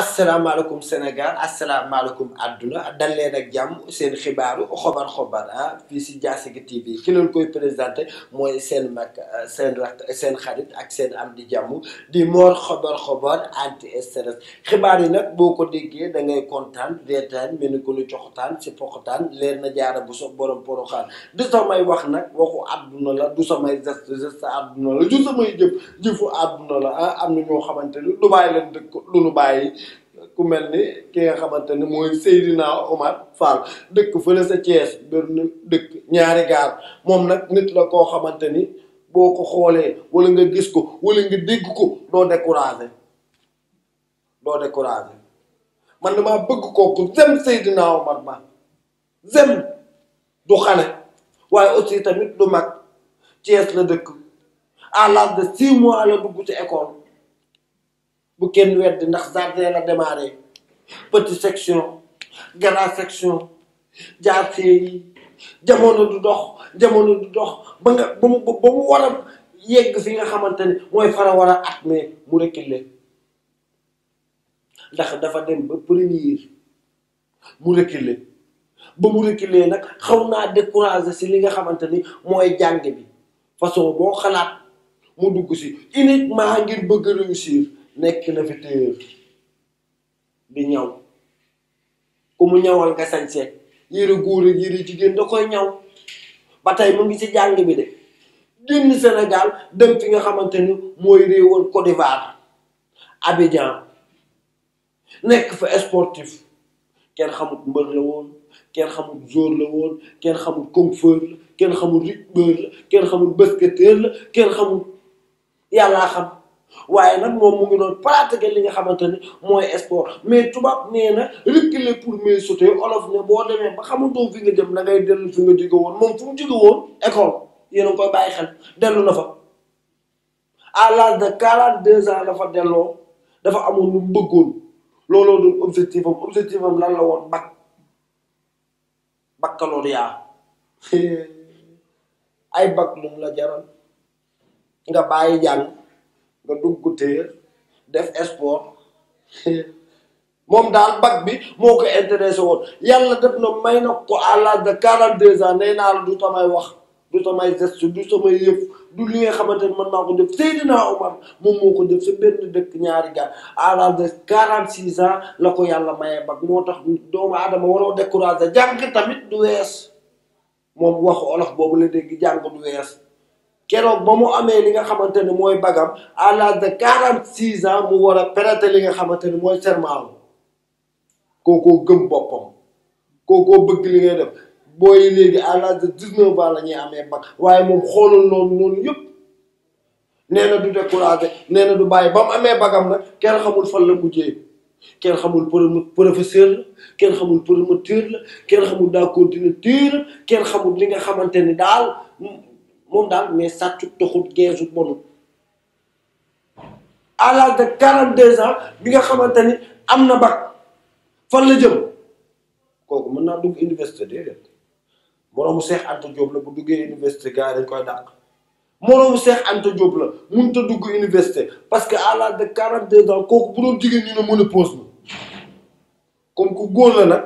asalaamaaleykum Sénégal asalaamaaleykum àdduna dal leen ak jàmm seen xibaaru xobar xobar ah fii si Diassigui TV ki leen koy présenté mooy seen mag ah, seen rak seen xarit ak seen am di jàmm di Mor xobar xobar anti stress xibaar yi nag boo ko déggee da ngay kontaan reetaan mel ni ko lu coxtaan si poxtaan leer na jaara bu so borom poroxaan du samay wax nag waxu àdduna la du samay geste geste àdduna la du samay jëf jëfu àdduna la ah, am na ñoo xamante ni lu bàyyi leen dëkk ku mel ni ki nga xamante ne mooy Seydina Omar Fall dëkk fële sa Thiès benn dëkk ñaari gaar moom nag nit la koo xamante ni boo ko xoolee walla nga gis ko wala nga dégg ko doo découragé doo découragé man damaa bëgg kooku zem Seydina Omar ba zem du xale waaye aussi tamit du mag Thiès la dëkk à l'âge de six mois la dugg ci école bu kenn weddi ndax jardin la démarré petite section grande section jaar yi jamono du dox jamono du dox ba nga ba mu war a yegg fi nga xamante mooy fara a at mais mu reculé ndax dafa dem ba premier mu reculé ba mu reculé nag xaw naa découragé si li nga xamante ni mooy jàng bi façon boo xalaat mu dugg si uniquement ngir bëgg réussir nekk na fi téer ñaw ku mu ñawal nga sañse yére góor ak yére jigéen da koy ñaw ba tey mu ngi ci jàng bi de génn Sénégal dem fi nga xamante ni woon réewoon Côte d'Ivoire Abidjan nekk fa sportif kenn xamut mbër la woon kenn xamut joueur la woon kenn xamul kung-feur la kenn xamul rythmeur la kenn xamul basketteur la kenn xamul yàllaa xam waaye nag moom mu ngi doon pratiquer li nga xamante ne mooy sport mais tubaab nee na reculer pour mieux sauter olof ne boo demee ba xamantoo fi nga dem da ngay dellu fi nga jóge woon moom fu mu jóge woon école yéen a ngi koy bàyyi xel dellu na fa à l'âge de quarante deux ans dafa delloo dafa amoon mu bëggoon looloo doon objectif am am lan la woon bac baccalauréat ay bac moom la jaral nga bàyyi jàng nga dugg téer def sport moom daal bac bi moo ko intéressé woon yàlla def na may na ko à l'âge de quarante deux ans nee la du tamay wax du samay geste du samay yëf du li nga xamante ne mën naa ko def Seydina Omar moom moo ko def sa benn dëkk ñaari gaal à l'âge de quarante six ans la ko yàlla mayee bac moo tax doomu aadama waroo découragé jàng tamit du wees moom wax olof boobu la dégg jàng du wees keroog ba mu amee li nga xamante ne mooy bagam à l'âge de quarante six ans mu war a prêter li nga xamante ne mooy serment kookoo gëm boppam kookoo bëgg li nga def booy léegi à l'âge de dix ans la ñuy amee bag waaye moom xoolal noonu noonu yëpp nee du découragé nee na du bàyyi ba mu amee bagam nag kenn xamul fan la mujjee kenn xamul professeur la kenn xamul promoteur la kenn xamul daa continuer kenn xamul li nga xamante ni daal moom daal mais sàccu toxut geesu bonut à quarante deux ans bi nga xamante ni am na bac fan la jëm kooku mën naa dugg université déedéet moroomu seex Anta Diop la bu duggee université gars yi dañ koy dàq moroomu Cheikh Anta Diop la mënut a dugg université parce que à l'âge de quarante deux ans kooku bu doon jigéen ñu ne mën pose na comme ku góor la nag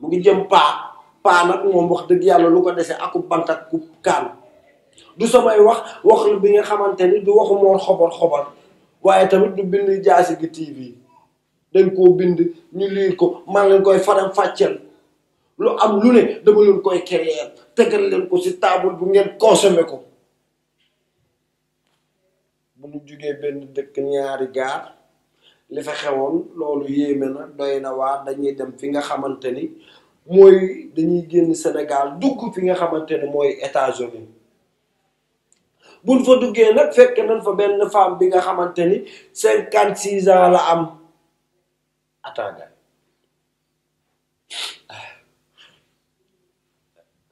mu ngi jëm paa paa nag moom wax dëgg yàlla lu ko desee akub bant ak ku kaan du samay wax wax bi nga xamante ni du waxu moor xobar waaye tamit du bind jaasigi TV dañ koo bind ñu liir ko man leen koy faral fàcceel lu am lu ne dama leen koy créer tegal leen ko ci table bu ngeen consommer ko bu ñu jugee benn dëkk ñaari gaar li fa xewoon loolu yéeme na doy na waa dañuy dem fi nga xamante ni mooy dañuy génn Sénégal dugg fi nga xamante ne mooy États-Unis buñ fa duggee nag fekk nañ fa benn femme bi nga xamante ni cinquante six ans la am attanga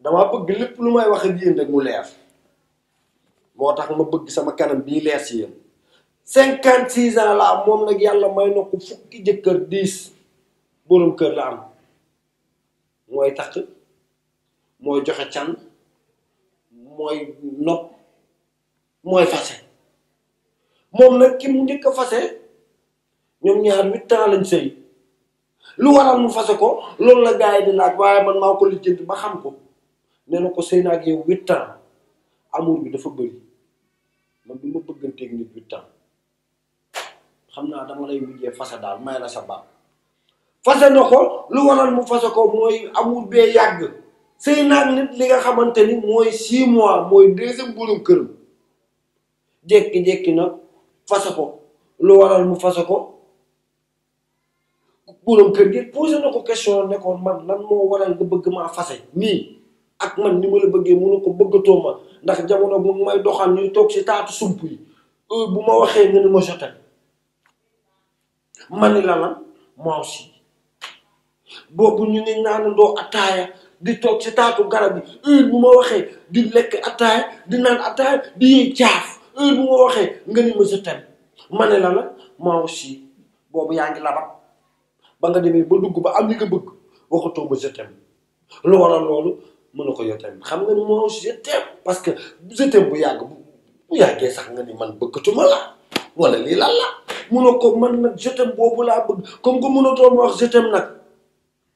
dama bëgg lépp lu may wax ak yéen rek mu leer moo tax ma bëgg sama kanam bii leer si yéen cinquante six ans la am moom nag yàlla may nokku ko fukki jëkkër dix borom kër la am mooy takk mooy joxe can mooy nopp mooy fase moom na ki mu njëkk fase ñoom ñaar huit lañ sëy lu waral mu fase ko loolu la gars yi di laaj waaye man maa ko lijjanti ba xam ko nee na ko sëy naa ak yow huit bi dafa bëri man bi ma bëgganteeg nit huit ans xam naa dama lay mujjee fase daal may la sa baat fase na ko lu waral mu fase ko mooy amul bee yàgg sëy naag nit li nga xamante ni mooy six mois mooy deuxième borom kër jékki-jékki na fase ko lu waral mu fase ko borom kër gi posé na ko question ne ko man lan moo waral nga bëgg maa fase nii ak man ni ma la bëggee mënu ko bëggatoo ma ndax jamono bu may doxal ñuy toog ci taatu sump yi bu ma waxee nga ni ma jotal ma ni la lan moi boobu ñu ne naanandoo ataaya di toog ci taatu garab yi heure bu ma waxee di lekk ataaya di naan ataaya di yëy caaf heure bu ma waxee nga ni ma je ma ne la la moi aussi boobu yaa ngi labat ba nga demee ba dugg ba am li nga bëgg waxatoo ma je t'aime loolu mën na ko yo xam nga ni moi aussi je parce que je bu yàgg bu sax nga ni man bëggatuma la wala lii lan la mënoo ko man nag je boobu laa bëgg comme que mënatoo ma wax je t'aime nag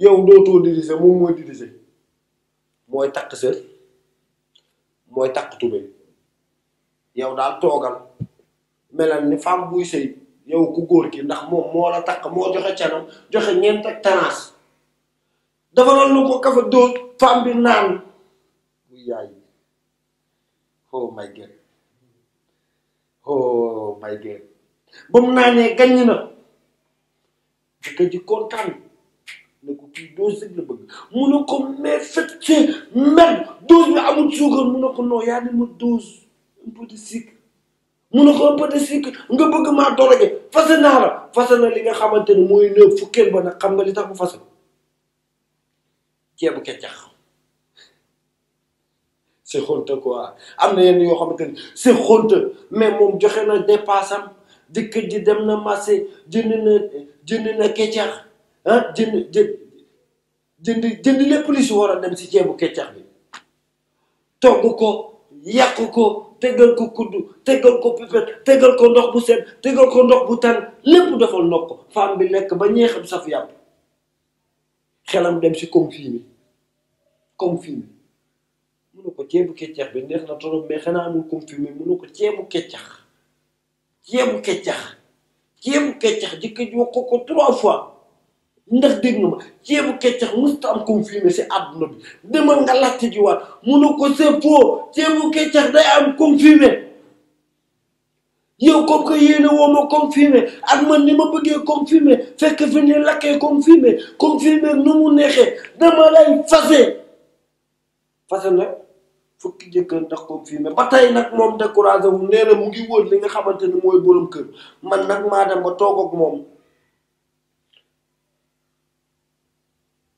yow dootoo diriger moom mooy diriger mooy takk sër mooy takk tubé yow daal toogal melal ni femme buy sëy yow ku góor ki ndax moom moo la takk moo joxe canam joxe ñeent ak tanaas dafa doon lu ko kafa dóor femme bi naan muy yaay oh my God oh my God ba mu naanee gaññ na jëkkër ji ne ko kii dose rek la bëgg mu ne ko mais fekkee même dose bi amul suukar mu ne ko non yaa ni ma dose un peu de sucre mu ne ko un peu de sucre nga bëgg maa doroge fase naa la fase na li nga xamante ne mooy nëb fukkeel ba nag xam nga li tax mu fase ko ceebu keccax c'est honte quoi am na yenn yoo xamante ni c'est honte mais moom joxe na dépassam dëkk ji dem na marché jënd na jënd na keccax ah jënd jënd jënd lépp li si war a dem si ceebu keccax bi togg ko yàq ko tegal ko kudd tegal ko pipet tegal ko ndox bu set tegal ko ndox bu tan lépp defal ndox ko femme bi lekk ba ñeexam saf yàpp xelam dem si comme fii mi comme fii mi mu ne ko ceebu keccax bi neex na xanaa amul comme ko ceebu keccax ceebu keccax ceebu keccax jëkk ji wax ko trois fois ndax dégg nga ma ceebu keccax musta am confiné si àdduna bi demal nga laajte ji waat mu ne ko c'est faux ceebu keccax day am confiné yow comme que yéene woo ma confiné ak man ni ma bëggee confiné fekk fi ne lakkee confiné confiné nu mu neexee dama lay fase fase nag fukki jëkkër ndax confiné ba tey nag moom découragé wu nee na mu ngi wóor li nga xamante ni mooy borom kër man nag maa dem ba toog moom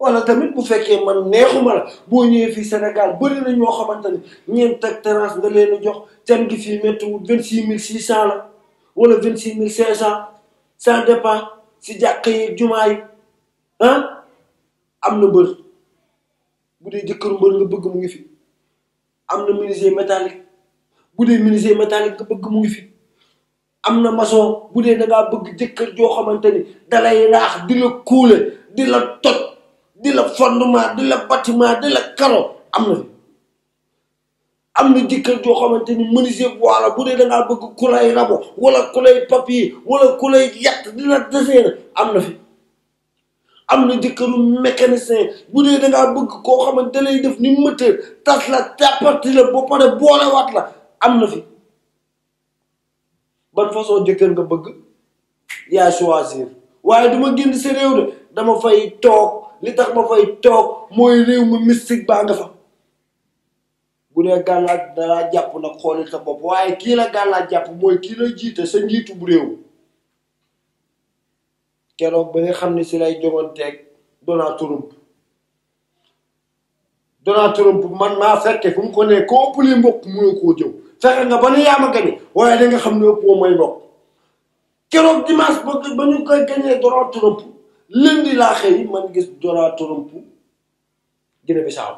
wala tamit bu fekkee man neexu la boo ñëwee fii Sénégal bëri na ñoo xamante ni ñeent ak terrasse nga leen jox can gi fi méttiwul vingt six mille six cent la wala vingt six mille cinq cent ça dépend si jàkk jumaay jumaa ah, am na mbër bu dee jëkkër mbër bëgg mu ngi fi am na menuisier métallique bu dee menuisier fi am na maçon bu dee da ngaa bëgg jëkkër joo xamante ni dalay raax di la kuule di la toj di la fondement di la bâtiment di la karo am na am na jëkkër joo xamante ni menuisier bois bu dee da ngaa bëgg ku lay rabo wala ku lay wala ku lay yàq di la deseena am na fi am na jëkkëru mécanicien bu dee da ngaa koo xamante da lay def ni moteur tas la tapati la ba pare boolewaat la am na fi ban façon jëkkër nga bëgg yaa choisir waaye du ma génn sa réew dama fay toog li tax ma fay toog mooy léew mu mystique baa nga fa bu dee gàllaaj dalaa jàpp nag xoolil sa bopp waaye kii la gàllaaj jàpp mooy kii la jiite sa njiitu bu réew keroog ba nga xam ne si lay joganteeg Donald Trump Donald Trump man maa fekke fu mu ko ne koo ëpp li mbokk mënoo koo jëw fexe nga ba nu yaa ma gañe waaye da nga xam ne ëppoo may mbokk keroog dimanche ba ba ñu koy gañee Donald Trump lundi laa xëy man gis Donald Trump Guinée Bissau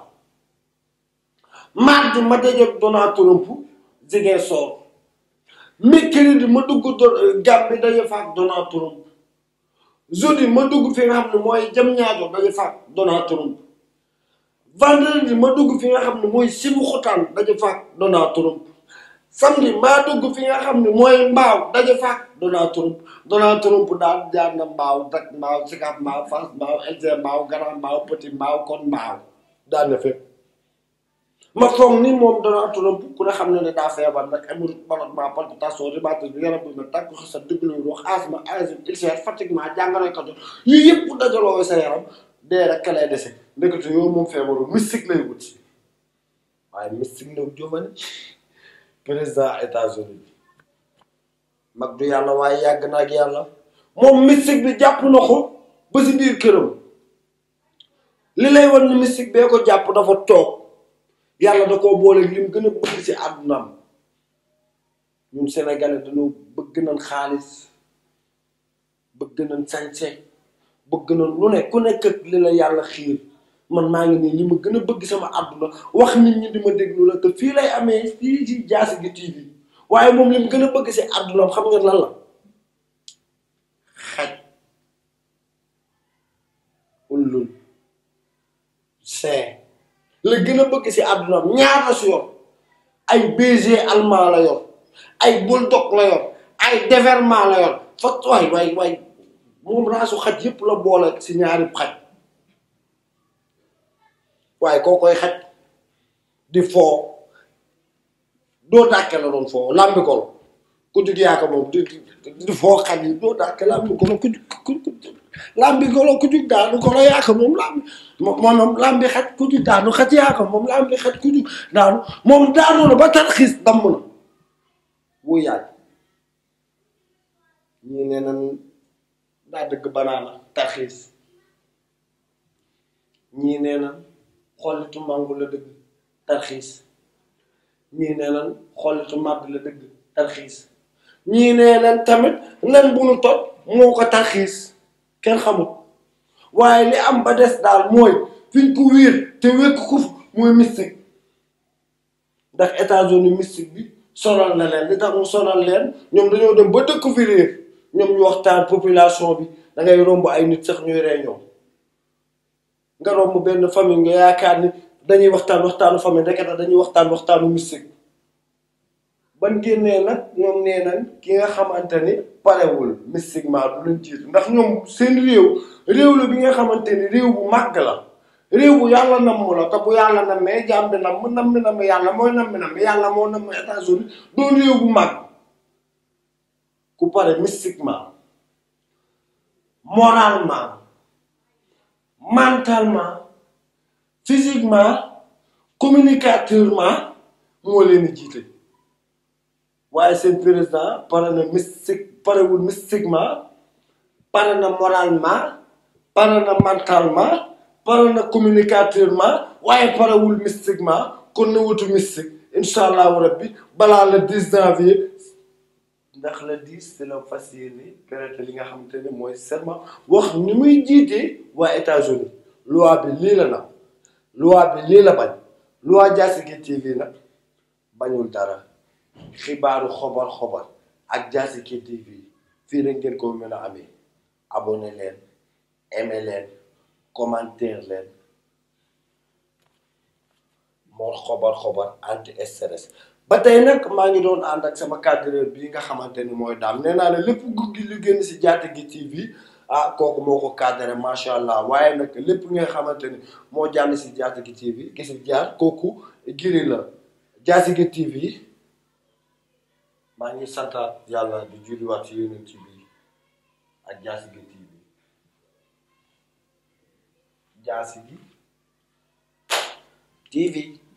mardi ma dajeeg Donald Trump Ziguinchor mercredi ma dugg do Gambie daje Donald Trump jeudi ma dugg fi nga xam ne mooy Diamniadio daje faak Donald Trump vendredi ma dugg fi nga xam ne mooy Sébikotane daje faak Donald Trump samedi maa dugg fi nga xam ne mooy mbaaw daje faak Donald Trump Donald Trump daal jaar na mbaaw dak mbaaw sikap mbaaw fas mbaaw eg mbaaw grand mbaaw petit mbaaw kon mbaaw daal na fépp ma foog ni moom Donald Trump ku ne xam ne ne daa feebar nag amul ballottement palpitation rhumatisme yaram bu mel tàkk xasa dugluñ wax ko yu yëpp dajaloo sa yaram dee rek lay dese ndekete yow moom feebaru mystique lay wut waaye mystique la jóomane président États-Unis mag du yàlla waaye yàgg na ak yàlla moom mystique bi jàpp na ko ba si biir këram li lay wan ni mystique bee ko jàpp dafa toog yàlla da koo boole lim gën a bëgg si àddunaam ñun sénégalais dañoo bëgg nañ xaalis bëgg nañ sañse bëgg nañ lu ne ku nekk ak li la yàlla xiir man maa ngi nii li ma gën a bëgg sama àdduna wax nit ñi di ma déglu la te fii lay amee fii ci Diassigui waaye moom li gën a bëgg si àddunaam xam nga lan la xaj ullul see la gën bëgg si àddunaam ñaata su la yor ay la yor ay déverment la xaj yépp la boole si ñaari xaj waaye koo koy xaj di foo doo dàkke la doon foo làmbi kol ku jug yaaka moom di foo xaj yi doo dàkke làmbi kolo ku ku làmbi kolo ku jug daanu kolo moom làmbi xaj ku jug daanu moom làmbi xaj ba tarxiis damm na bu yaay ñii nee nan daa dëgg banaana tarxiis ñii nee nan xollitu mango la dëgg tarxiis ñii nee nan xollitu màdd la dëgg tarxiis ñii nee nan tamit lan bu nu toj moo ko tarxiis kenn xamut waaye li am ba des daal mooy fiñ ko wiir te wékk ko mooy mystique ndax États-Unis mystique bi sonal na leen li tax mu sonal leen ñoom dañoo dem ba dëkk fi réer ñoom ñu waxtaan population bi da ngay romb ay nit sax ñuy réunion nga romb benn famille nga yaakaar ni dañuy waxtaan waxtaanu famille rek dañuy waxtaan waxtaanu mystique ban génnee nag ñoom nee ki nga xamante ni parewul mystiquement du leen jiitu ndax ñoom seen réew réew la bi nga xamante ni réew bu mag la réew bu yàlla namm la te bu yàlla nammee jaam bi namm namm namm yàlla mooy namm namm yàlla moo namm États-Unis doon réew bu màgg ku pare mystiquement moralement mentalement physiquement communicativement moo leen di jiite waaye seen président pare na mystique parewul mystiquement pare na moralement pare na mentalement pare na communicativement waaye parewul mystiquement kon na wutu mystique incha allahu rabbi balaa le 10 janvier ndax la 10 si la fas yéene traité li nga xamante ne mooy serment wax ni muy jiitee waa États-Unis loi bi lii la nam loi bi lii la bañ loi Diassigui TV nag bañul dara xibaaru xobar xobar ak Diassigui TV fii rek ngeen ko mën a amee abonné leen aimé leen commentaire leen moo xobar xobar anti stress ba tey nekk maa ngi doon ànd ak sama cadreur bi nga xamante ni mooy daam nee naa ne lépp guddi lu génn si Diattiguy TV ah kooku moo ko cadré macha allah waaye nag lépp nga xamante ni moo jànn si Diattiguy TV gis jaar kooku giri la Diattiguy TV maa ngi santaat yàlla di julliwaat si yeneen ci bi ak Diattiguy TV TV